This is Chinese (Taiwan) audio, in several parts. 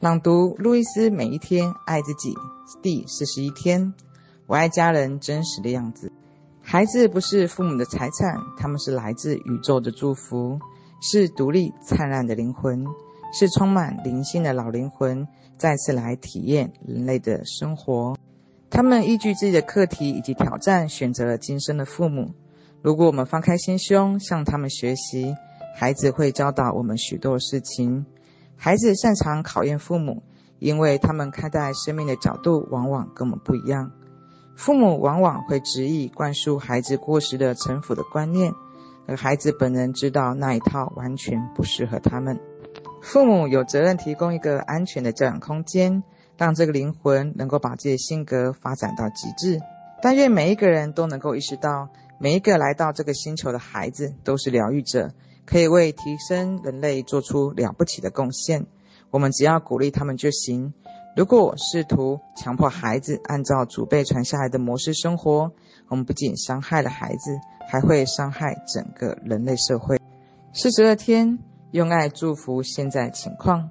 朗讀路易斯每一天愛自己第四十一天。我愛家人真實的樣子。孩子不是父母的財產，他們是來自宇宙的祝福，是獨立燦爛的靈魂，是充滿靈性的老靈魂，再次來體驗人類的生活。他們依據自己的課題以及挑戰，選擇了今生的父母。如果我們放開心胸，向他們學習，孩子會教導我們許多事情。孩子擅長考驗父母，因為他們看待生命的角度往往跟我們不一樣。父母往往會執意灌輸孩子過時的陳腐的觀念，而孩子本人知道那一套完全不適合他們。父母有責任提供一個安全的教養空間，讓這個靈魂能夠把自己的性格發展到極致。但願每一個人都能夠意識到，每一個來到這個星球的孩子都是療癒者。可以為提升人類做出了不起的貢獻。我們只要鼓勵他們就行。如果我試圖強迫孩子按照祖輩傳下來的模式生活，我們不僅傷害了孩子，還會傷害整個人類社會。四十二天用愛祝福現在情況。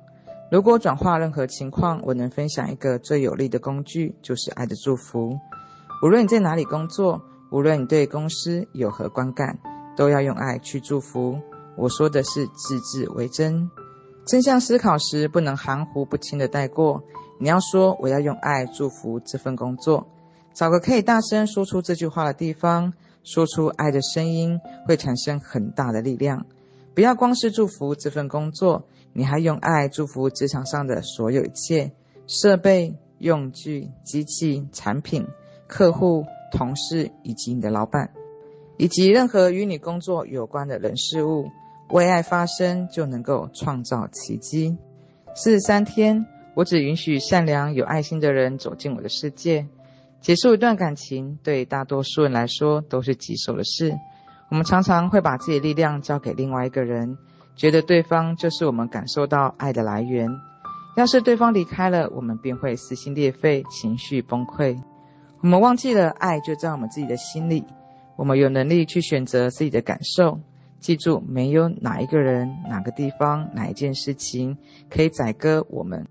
如果轉化任何情況，我能分享一個最有力的工具，就是愛的祝福。無論你在哪裡工作，無論你對公司有何觀感，都要用愛去祝福。我說的是字字為真，正向思考時不能含糊不清的帶過。你要說，我要用愛祝福這份工作，找個可以大聲說出這句話的地方，說出愛的聲音會產生很大的力量。不要光是祝福這份工作，你還用愛祝福職場上的所有一切設備、用具、機器、產品、客戶、同事以及你的老板，以及任何與你工作有關的人事物。為愛發聲，就能夠創造奇蹟。四十三天，我只允許善良、有愛心的人走進我的世界。結束一段感情，對大多數人來說都是棘手的事。我們常常會把自己的力量交給另外一個人，覺得對方就是我們感受到愛的來源。要是對方離開了，我們便會撕心裂肺、情緒崩潰。我們忘記了，愛就在我們自己的心裡。我們有能力去選擇自己的感受。記住，沒有哪一個人、哪個地方、哪一件事情可以宰割我們。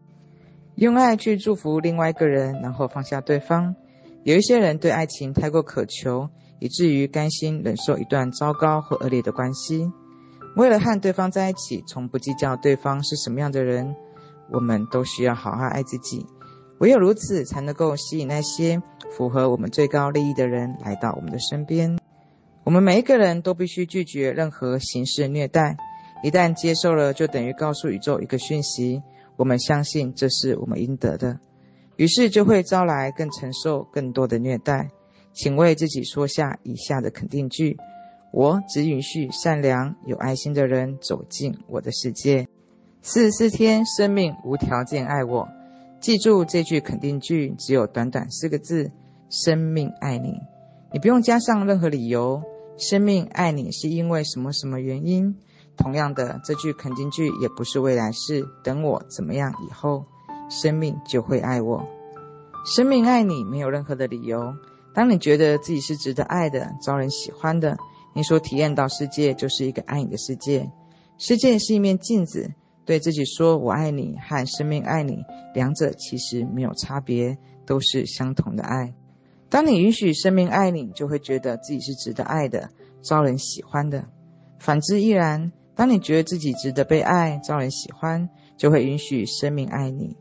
用愛去祝福另外一個人，然後放下對方。有一些人對愛情太過渴求，以至於甘心忍受一段糟糕或惡劣的關係。為了和對方在一起，從不計較對方是什麼樣的人。我們都需要好好愛自己，唯有如此，才能夠吸引那些符合我們最高利益的人來到我們的身邊。我們每一個人都必須拒絕任何形式虐待，一旦接受了，就等於告訴宇宙一個訊息：我們相信這是我們應得的，於是就會招來更承受更多的虐待。請為自己說下以下的肯定句：我只允許善良、有愛心的人走進我的世界。四十四天，生命無條件愛我。記住這句肯定句，只有短短四個字：生命愛你。你不用加上任何理由。生命愛你是因為什麼什麼原因？同樣的，這句肯定句也不是未來式，等我怎麼樣以後，生命就會愛我。生命愛你沒有任何的理由。當你覺得自己是值得愛的、招人喜歡的，你所體驗到世界就是一個愛你的世界。世界是一面鏡子，對自己說“我愛你”和“生命愛你”兩者其實沒有差別，都是相同的愛。當你允許生命愛你，就會覺得自己是值得愛的、招人喜歡的。反之亦然。當你覺得自己值得被愛、招人喜歡，就會允許生命愛你。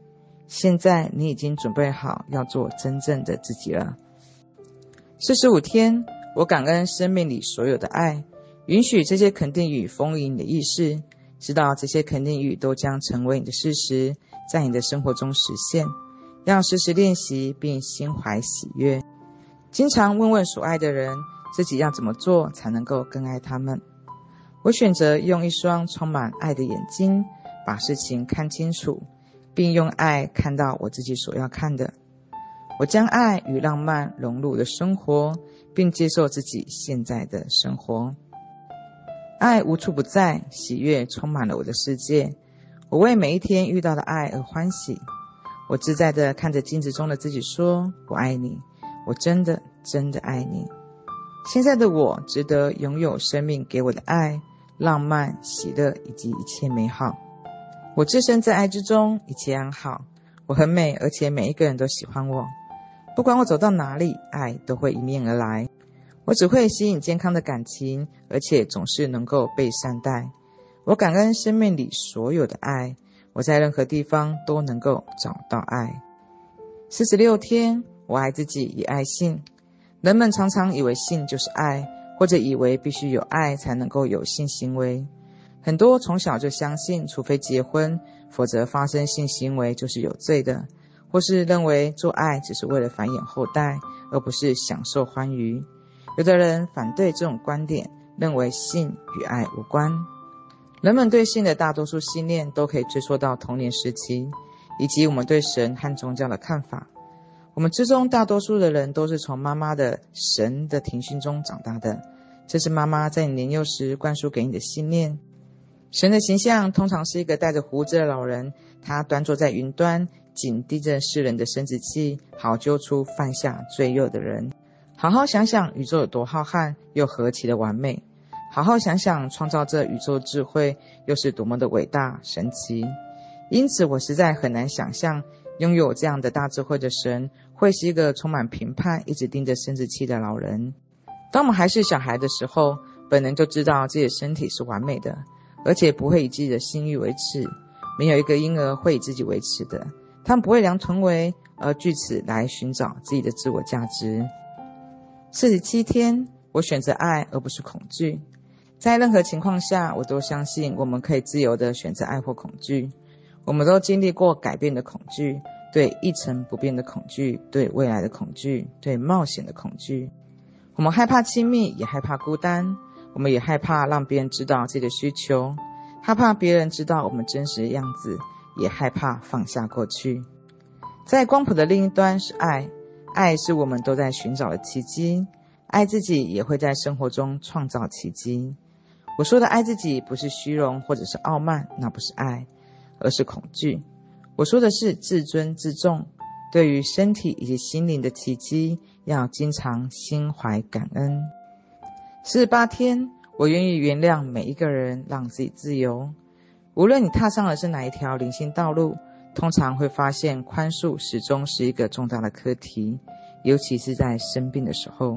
現在你已經準備好要做真正的自己了。四十五天，我感恩生命裡所有的愛，允許這些肯定語豐盈你的意識，知道這些肯定語都將成為你的事實，在你的生活中實現。要時時練習，並心懷喜悅。經常問問所愛的人，自己要怎麼做才能夠更愛他們？我選擇用一雙充滿愛的眼睛把事情看清楚，並用愛看到我自己所要看的。我將愛與浪漫融入了生活，並接受自己現在的生活。愛無處不在，喜悅充滿了我的世界。我為每一天遇到的愛而歡喜。我自在地看着鏡子中的自己說，我愛你。我真的真的愛你。現在的我值得擁有生命給我的愛、浪漫、喜樂以及一切美好。我置身在愛之中，一切安好。我很美，而且每一個人都喜歡我。不管我走到哪裡，愛都會迎面而來。我只會吸引健康的感情，而且總是能夠被善待。我感恩生命裡所有的愛。我在任何地方都能夠找到愛。四十六天。我愛自己，也愛性。人們常常以為性就是愛，或者以為必須有愛才能夠有性行為。很多從小就相信，除非結婚，否則發生性行為就是有罪的；或是認為做愛只是為了繁衍後代，而不是享受歡愉。有的人反對這種觀點，認為性與愛無關。人們對性的大多數信念都可以追溯到童年時期，以及我們對神和宗教的看法。我們之中大多數的人都是從媽媽的神的庭訓中長大的，這是媽媽在你年幼時灌輸給你的信念。神的形象通常是一個帶着鬍子的老人，他端坐在雲端，緊盯着世人的生殖器，好揪出犯下罪惡的人。好好想想，宇宙有多浩瀚，又何其的完美！好好想想，創造這宇宙智慧又是多麼的偉大神奇。因此，我實在很難想象擁有這樣的大智慧的神。會是一個充滿評判、一直盯着生殖器的老人。當我們還是小孩的時候，本能就知道自己的身體是完美的，而且不會以自己的性慾為恥。沒有一個嬰兒會以自己為恥的，他們不會量臀圍而據此來尋找自己的自我價值。四十七天，我選擇愛而不是恐懼。在任何情況下，我都相信我們可以自由地選擇愛或恐懼。我們都經歷過改變的恐懼。對一成不變的恐懼，對未來的恐懼，對冒險的恐懼。我們害怕親密，也害怕孤單。我們也害怕讓別人知道自己的需求，害怕，怕別人知道我們真實的樣子，也害怕放下過去。在光譜的另一端是愛，愛是我們都在尋找的奇蹟。愛自己也會在生活中創造奇蹟。我說的愛自己，不是虛榮或者是傲慢，那不是愛，而是恐懼。我說的是自尊自重，對於身體以及心靈的奇蹟，要經常心懷感恩。四十八天，我願意原諒每一個人，讓自己自由。無論你踏上的是哪一條靈性道路，通常會發現寬恕始終是一個重大的課題，尤其是在生病的時候。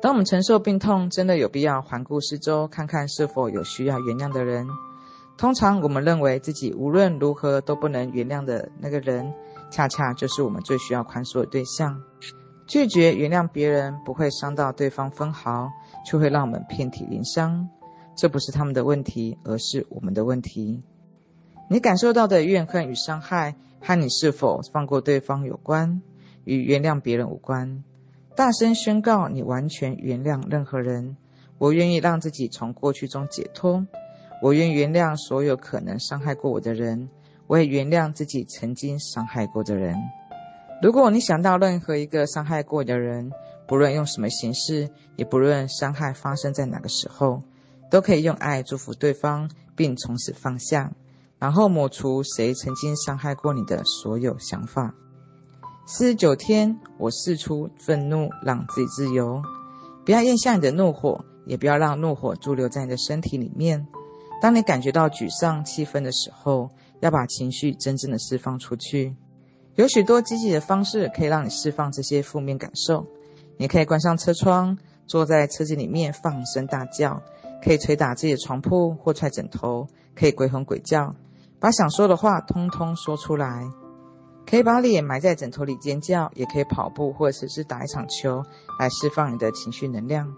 當我們承受病痛，真的有必要環顧四周，看看是否有需要原諒的人。通常我們認為自己無論如何都不能原諒的那個人，恰恰就是我們最需要寬恕的對象。拒絕原諒別人不會傷到對方分毫，卻會讓我們遍體鱗傷。這不是他們的問題，而是我們的問題。你感受到的怨恨與傷害，和你是否放過對方有關，與原諒別人無關。大聲宣告：你完全原諒任何人。我願意讓自己從過去中解脫。我願原諒所有可能傷害過我的人，我也原諒自己曾經傷害過的人。如果你想到任何一個傷害過的人，不論用什麼形式，也不論傷害發生在哪個時候，都可以用愛祝福對方，並從此放下，然後抹除誰曾經傷害過你的所有想法。四十九天，我釋出憤怒，讓自己自由。不要嚥下你的怒火，也不要讓怒火駐留在你的身體裡面。當你感覺到沮喪、氣憤的時候，要把情緒真正的釋放出去。有許多積極的方式可以讓你釋放這些負面感受。你可以關上車窗，坐在車子裡面放聲大叫；可以捶打自己的床鋪或踹枕頭；可以鬼哄鬼叫，把想說的話通通說出來；可以把臉埋在枕頭裡尖叫，也可以跑步或者是打一場球來釋放你的情緒能量。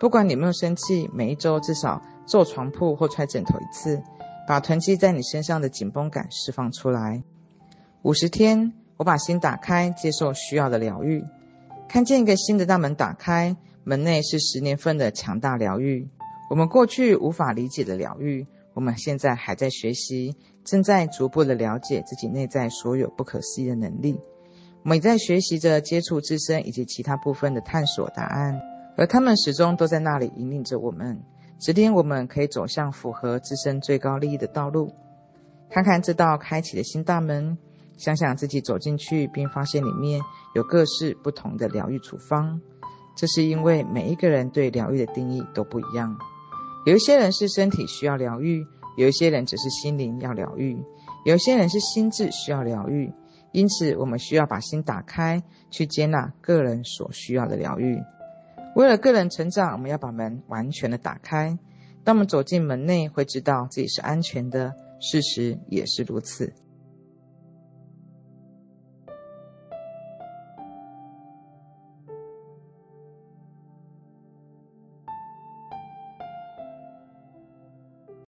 不管你有沒有生氣，每一週至少坐床鋪或踹枕頭一次，把囤積在你身上的緊繃感釋放出來。五十天，我把心打開，接受需要的療癒，看見一個新的大門打開，門內是十年份的強大療癒。我們過去無法理解的療癒，我們現在還在學習，正在逐步的了解自己內在所有不可思議的能力，我們也在學習着接觸自身以及其他部分的探索答案。而他們始終都在那裡引領着我們，指引我們可以走向符合自身最高利益的道路。看看這道開啟的新大門，想想自己走進去，並發現裡面有各式不同的療癒處方。這是因為每一個人對療癒的定義都不一樣。有一些人是身體需要療癒，有一些人只是心靈要療癒，有一些人是心智需要療癒。因此，我們需要把心打開，去接納個人所需要的療癒。為了個人成長，我們要把門完全的打開。當我們走進門內，會知道自己是安全的。事實也是如此。